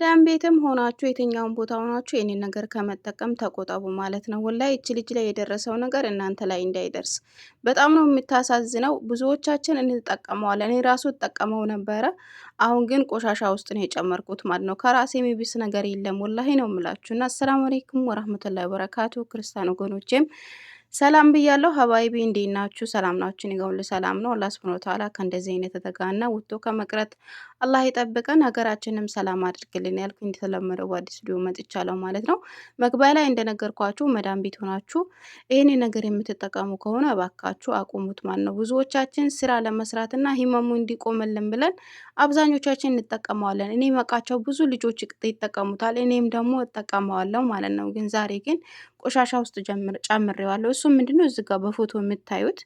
ደም ቤትም ሆናችሁ የትኛውን ቦታ ሆናችሁ ይህንን ነገር ከመጠቀም ተቆጠቡ ማለት ነው። ወላሂ እች ልጅ ላይ የደረሰው ነገር እናንተ ላይ እንዳይደርስ በጣም ነው የምታሳዝነው። ብዙዎቻችን እንጠቀመዋለን። እኔ ራሱ እጠቀመው ነበረ። አሁን ግን ቆሻሻ ውስጥ ነው የጨመርኩት ማለት ነው። ከራሴ የሚብስ ነገር የለም ወላሂ ነው የምላችሁ። እና አሰላሙ አሌይኩም ወራህመቱላሂ ወበረካቱ ክርስቲያን ወገኖቼም ሰላም ብያለሁ። ሀባይቢ እንዴት ናችሁ? ሰላም ናችሁን? ይገውል ሰላም ነው። አላህ ሱብሃነሁ ወተዓላ ከእንደዚህ አይነት የተጋና ውቶ ከመቅረት አላህ የጠበቀን ሀገራችንም ሰላም አድርግልን ያልኩ እንደተለመደው በአዲስ ቪዲዮ መጥቻለሁ ማለት ነው። መግቢያ ላይ እንደነገርኳችሁ መዳም ቤት ሆናችሁ ይህን ነገር የምትጠቀሙ ከሆነ እባካችሁ አቁሙት ማለት ነው። ብዙዎቻችን ስራ ለመስራትና ህመሙ እንዲቆምልን ብለን አብዛኞቻችን እንጠቀመዋለን። እኔ መቃቸው ብዙ ልጆች ይጠቀሙታል፣ እኔም ደግሞ እጠቀመዋለሁ ማለት ነው። ግን ዛሬ ግን ቆሻሻ ውስጥ ጨምሬዋለሁ። እሱ ምንድነው እዚህ ጋር በፎቶ የምታዩት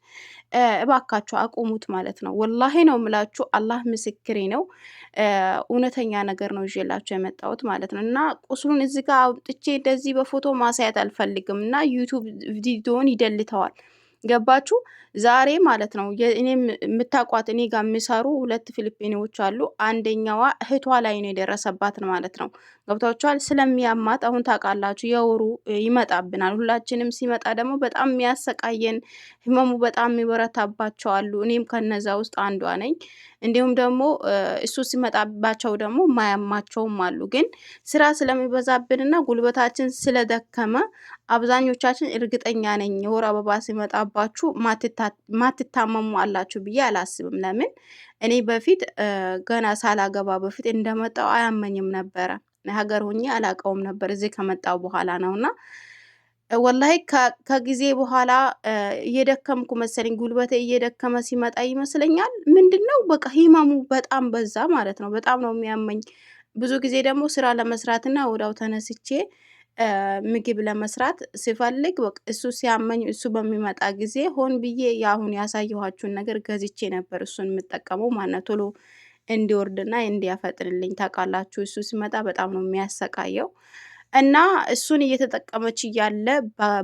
እባካችሁ አቁሙት ማለት ነው። ወላሂ ነው ምላችሁ፣ አላህ ምስክሬ ነው። እውነተኛ ነገር ነው ይዤላቸው የመጣሁት ማለት ነው። እና ቁስሉን እዚህ ጋር አውጥቼ እንደዚህ በፎቶ ማሳየት አልፈልግም እና ዩቱብ ቪዲዮውን ይደልተዋል። ገባችሁ? ዛሬ ማለት ነው እኔ የምታውቋት እኔ ጋር የሚሰሩ ሁለት ፊሊፒኒዎች አሉ። አንደኛዋ እህቷ ላይ ነው የደረሰባት ማለት ነው። ገብታችኋል? ስለሚያማት አሁን ታውቃላችሁ፣ የወሩ ይመጣብናል። ሁላችንም ሲመጣ ደግሞ በጣም የሚያሰቃየን ህመሙ በጣም የሚበረታባቸው አሉ። እኔም ከነዛ ውስጥ አንዷ ነኝ። እንዲሁም ደግሞ እሱ ሲመጣባቸው ደግሞ ማያማቸውም አሉ። ግን ስራ ስለሚበዛብንና ጉልበታችን ስለደከመ አብዛኞቻችን እርግጠኛ ነኝ የወር አበባ ሲመጣባችሁ ማትታ ማትታመሙ አላችሁ ብዬ አላስብም። ለምን እኔ በፊት ገና ሳላገባ በፊት እንደመጣው አያመኝም ነበረ። ሀገር ሆኜ አላውቀውም ነበር እዚህ ከመጣው በኋላ ነውና ወላሂ ከጊዜ በኋላ እየደከምኩ መሰለኝ፣ ጉልበቴ እየደከመ ሲመጣ ይመስለኛል። ምንድን ነው በቃ ህመሙ በጣም በዛ ማለት ነው። በጣም ነው የሚያመኝ። ብዙ ጊዜ ደግሞ ስራ ለመስራትና ወዳው ተነስቼ ምግብ ለመስራት ሲፈልግ እሱ ሲያመኝ እሱ በሚመጣ ጊዜ ሆን ብዬ የአሁን ያሳየኋችሁን ነገር ገዝቼ ነበር እሱን የምጠቀመው ማለት ቶሎ እንዲወርድና እንዲያፈጥንልኝ ታውቃላችሁ። እሱ ሲመጣ በጣም ነው የሚያሰቃየው እና እሱን እየተጠቀመች እያለ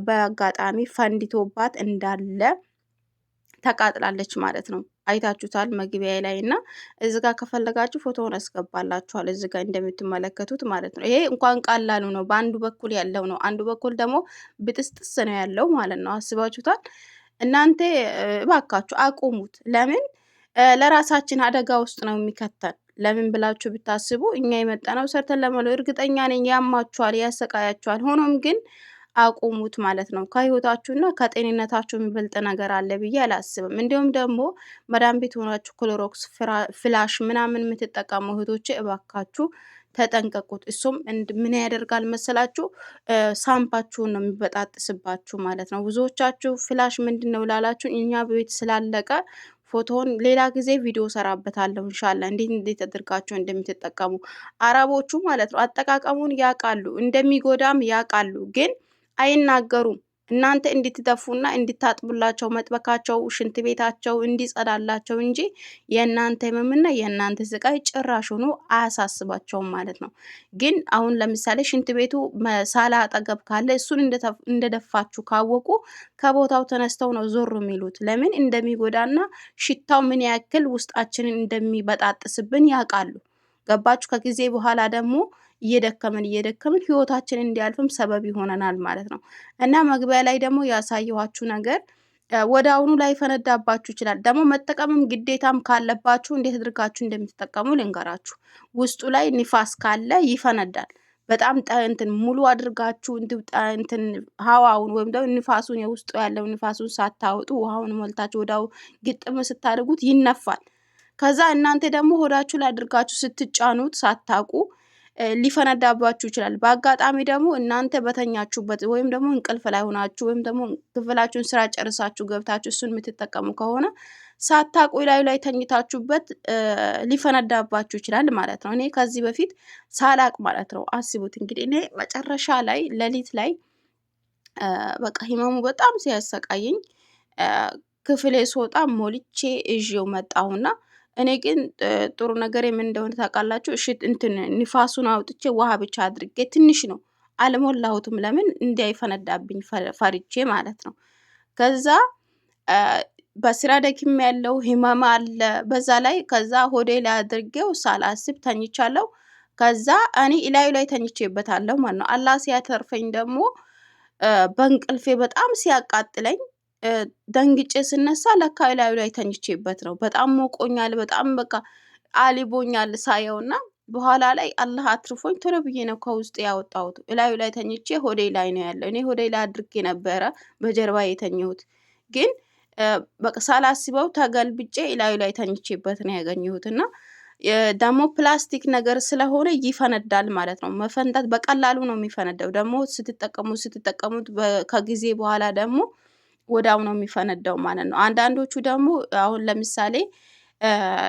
በአጋጣሚ ፈንድቶባት እንዳለ ተቃጥላለች ማለት ነው። አይታችሁታል መግቢያ ላይ እና እዚ ጋር ከፈለጋችሁ ፎቶውን አስገባላችኋል እዚ ጋር እንደምትመለከቱት ማለት ነው። ይሄ እንኳን ቀላሉ ነው፣ በአንዱ በኩል ያለው ነው። አንዱ በኩል ደግሞ ብጥስጥስ ነው ያለው ማለት ነው። አስባችሁታል። እናንተ እባካችሁ አቁሙት። ለምን ለራሳችን አደጋ ውስጥ ነው የሚከተን። ለምን ብላችሁ ብታስቡ እኛ የመጣነው ሰርተን ለመኖር እርግጠኛ ነኝ ያማችኋል፣ ያሰቃያችኋል። ሆኖም ግን አቁሙት ማለት ነው። ከህይወታችሁና ከጤንነታችሁ የሚበልጥ ነገር አለ ብዬ አላስብም። እንዲሁም ደግሞ መዳም ቤት ሆናችሁ ክሎሮክስ ፍላሽ ምናምን የምትጠቀሙ እህቶች እባካችሁ ተጠንቀቁት። እሱም ምን ያደርጋል መሰላችሁ? ሳምፓችሁን ነው የሚበጣጥስባችሁ ማለት ነው። ብዙዎቻችሁ ፍላሽ ምንድን ነው ላላችሁ እኛ ቤት ስላለቀ ፎቶን ሌላ ጊዜ ቪዲዮ ሰራበታለሁ እንሻላ እንዴት እንዴት አድርጋችሁ እንደምትጠቀሙ አረቦቹ ማለት ነው። አጠቃቀሙን ያውቃሉ፣ እንደሚጎዳም ያውቃሉ ግን አይናገሩም። እናንተ እንድትተፉና እንድታጥቡላቸው መጥበካቸው፣ ሽንት ቤታቸው እንዲጸዳላቸው እንጂ የእናንተ ህመምና የእናንተ ስቃይ ጭራሽ ሆኖ አያሳስባቸውም ማለት ነው። ግን አሁን ለምሳሌ ሽንት ቤቱ ሳላ አጠገብ ካለ እሱን እንደደፋችሁ ካወቁ ከቦታው ተነስተው ነው ዞር የሚሉት። ለምን እንደሚጎዳና ሽታው ምን ያክል ውስጣችንን እንደሚበጣጥስብን ያውቃሉ። ገባችሁ? ከጊዜ በኋላ ደግሞ እየደከምን እየደከምን ህይወታችን እንዲያልፍም ሰበብ ይሆነናል ማለት ነው። እና መግቢያ ላይ ደግሞ ያሳየኋችሁ ነገር ወደ አሁኑ ላይ ፈነዳባችሁ ይችላል። ደግሞ መጠቀምም ግዴታም ካለባችሁ እንዴት አድርጋችሁ እንደምትጠቀሙ ልንገራችሁ። ውስጡ ላይ ንፋስ ካለ ይፈነዳል። በጣም ጠንትን ሙሉ አድርጋችሁ እንትን ሀዋውን ወይም ደግሞ ንፋሱን የውስጡ ያለው ንፋሱን ሳታወጡ ውሃውን ሞልታችሁ ወዳው ግጥም ስታደርጉት ይነፋል። ከዛ እናንተ ደግሞ ሆዳችሁ ላይ አድርጋችሁ ስትጫኑት ሳታቁ ሊፈነዳባችሁ ይችላል። በአጋጣሚ ደግሞ እናንተ በተኛችሁበት ወይም ደግሞ እንቅልፍ ላይ ሆናችሁ ወይም ደግሞ ክፍላችሁን ስራ ጨርሳችሁ ገብታችሁ እሱን የምትጠቀሙ ከሆነ ሳታቁ ላዩ ላይ ተኝታችሁበት ሊፈነዳባችሁ ይችላል ማለት ነው። እኔ ከዚህ በፊት ሳላቅ ማለት ነው። አስቡት እንግዲህ እኔ መጨረሻ ላይ ሌሊት ላይ በቃ ህመሙ በጣም ሲያሰቃየኝ ክፍሌ ስወጣ ሞልቼ እዥው መጣሁና እኔ ግን ጥሩ ነገር የምን እንደሆነ ታውቃላችሁ? እሽት እንትን ንፋሱን አውጥቼ ውሃ ብቻ አድርጌ ትንሽ ነው አልሞላሁትም። ለምን እንዳይፈነዳብኝ ፈርቼ ማለት ነው። ከዛ በስራ ደክም ያለው ህመም አለ በዛ ላይ ከዛ ሆዴ ላይ አድርጌው ሳላስብ ተኝቻለሁ። ከዛ እኔ እላዩ ላይ ተኝቼበታለሁ ማለት ነው። አላህ ሲያተርፈኝ ደግሞ በእንቅልፌ በጣም ሲያቃጥለኝ ደንግጬ ስነሳ ለካ እላዩ ላይ ተኝቼበት ነው። በጣም ሞቆኛል፣ በጣም በቃ አሊቦኛል ሳየው እና በኋላ ላይ አላህ አትርፎኝ ቶሎ ብዬ ነው ከውስጥ ያወጣሁት። እላዩ ላይ ተኝቼ ሆዴ ላይ ነው ያለው። እኔ ሆዴ ላይ አድርጌ ነበረ በጀርባ የተኘሁት ግን በቃ ሳላስበው ተገልብጬ እላዩ ላይ ተኝቼበት ነው ያገኘሁት እና ደግሞ ፕላስቲክ ነገር ስለሆነ ይፈነዳል ማለት ነው። መፈንዳት በቀላሉ ነው የሚፈነዳው። ደግሞ ስትጠቀሙ ስትጠቀሙት ከጊዜ በኋላ ደግሞ ወዳው ነው የሚፈነዳው ማለት ነው። አንዳንዶቹ ደግሞ አሁን ለምሳሌ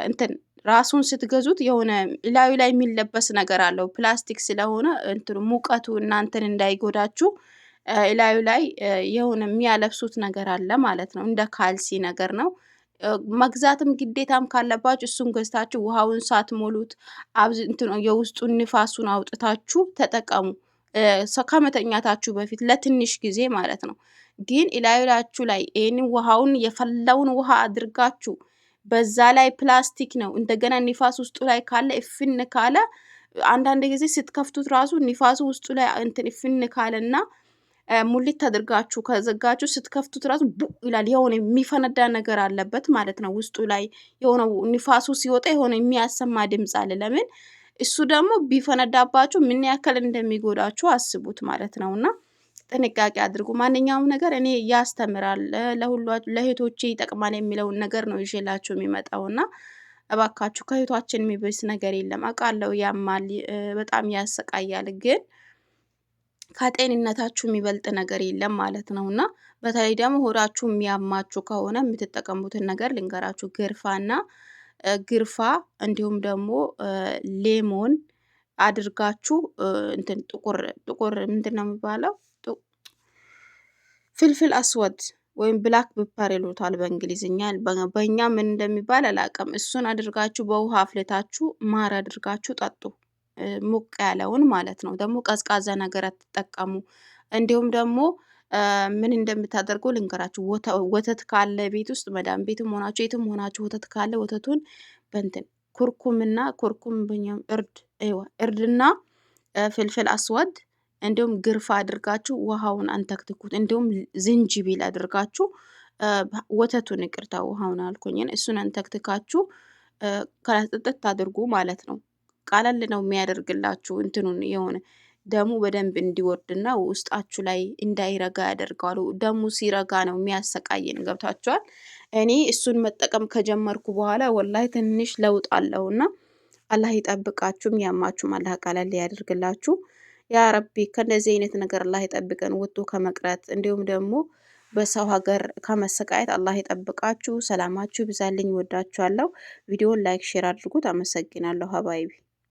እንትን ራሱን ስትገዙት የሆነ ላዩ ላይ የሚለበስ ነገር አለው ፕላስቲክ ስለሆነ እንትኑ ሙቀቱ እናንተን እንዳይጎዳችሁ ላዩ ላይ የሆነ የሚያለብሱት ነገር አለ ማለት ነው። እንደ ካልሲ ነገር ነው። መግዛትም ግዴታም ካለባችሁ እሱን ገዝታችሁ ውሃውን ሳትሞሉት የውስጡን ንፋሱን አውጥታችሁ ተጠቀሙ ከመተኛታችሁ በፊት ለትንሽ ጊዜ ማለት ነው። ግን እላዩላችሁ ላይ ይህንን ውሃውን የፈላውን ውሃ አድርጋችሁ በዛ ላይ ፕላስቲክ ነው። እንደገና ንፋስ ውስጡ ላይ ካለ እፍን ካለ አንዳንድ ጊዜ ስትከፍቱት ራሱ ንፋሱ ውስጡ ላይ እንትን እፍን ካለና ሙሊት አድርጋችሁ ከዘጋችሁ ስትከፍቱት ራሱ ቡ ይላል። የሆነ የሚፈነዳ ነገር አለበት ማለት ነው። ውስጡ ላይ የሆነ ንፋሱ ሲወጣ የሆነ የሚያሰማ ድምፅ አለ። ለምን እሱ ደግሞ ቢፈነዳባችሁ ምን ያክል እንደሚጎዳችሁ አስቡት ማለት ነው እና ጥንቃቄ አድርጉ። ማንኛውም ነገር እኔ ያስተምራል፣ ለሁሏ ለእህቶቼ ይጠቅማል የሚለውን ነገር ነው ይዤላችሁ እና እባካችሁ ከእህቷችን የሚበስ ነገር የለም። አውቃለሁ ያማል፣ በጣም ያሰቃያል፣ ግን ከጤንነታችሁ የሚበልጥ ነገር የለም ማለት ነው እና በተለይ ደግሞ ሆዳችሁ የሚያማችሁ ከሆነ የምትጠቀሙትን ነገር ልንገራችሁ። ግርፋና ግርፋ እንዲሁም ደግሞ ሌሞን አድርጋችሁ እንትን ጥቁር ጥቁር ምንድን ነው የሚባለው ፍልፍል አስወድ ወይም ብላክ ፔፐር ይሉታል በእንግሊዝኛ። በእኛ ምን እንደሚባል አላቀም እሱን አድርጋችሁ በውሃ አፍልታችሁ ማር አድርጋችሁ ጠጡ። ሙቅ ያለውን ማለት ነው። ደግሞ ቀዝቃዛ ነገር አትጠቀሙ። እንዲሁም ደግሞ ምን እንደምታደርጉ ልንገራችሁ። ወተት ካለ ቤት ውስጥ መዳም ቤትም ሆናችሁ የትም ሆናችሁ ወተት ካለ ወተቱን በንትን ኩርኩምና ኩርኩም እርድ እርድና ፍልፍል አስወድ እንዲሁም ግርፋ አድርጋችሁ ውሃውን አንተክትኩት። እንዲሁም ዝንጅቢል አድርጋችሁ ወተቱን ይቅርታ፣ ውሃውን አልኩኝን፣ እሱን አንተክትካችሁ ከላስጥጥት አድርጉ ማለት ነው። ቃለል ነው የሚያደርግላችሁ እንትኑን የሆነ ደሙ በደንብ እንዲወርድና ውስጣችሁ ላይ እንዳይረጋ ያደርገዋል። ደሙ ሲረጋ ነው የሚያሰቃየን። ገብታችኋል? እኔ እሱን መጠቀም ከጀመርኩ በኋላ ወላይ ትንሽ ለውጥ አለውና አላህ ይጠብቃችሁም ያማችሁም አላህ ቃለል ያደርግላችሁ። ያ ረቢ አይነት ነገር አላህ ይጠብቀን፣ ወጥቶ ከመቅረት እንዲሁም ደግሞ በሰው ሀገር ከመሰቃየት አላህ ይጠብቃችሁ። ሰላማችሁ ይብዛልኝ። ወዳችኋለሁ። ቪዲዮን ላይክ፣ ሼር አድርጉት። አመሰግናለሁ ሀባይቢ